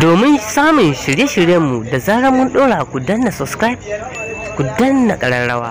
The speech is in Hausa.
domin samun shirye-shiryenmu da zarar mun ɗora ku danna subscribe ku danna ƙararrawa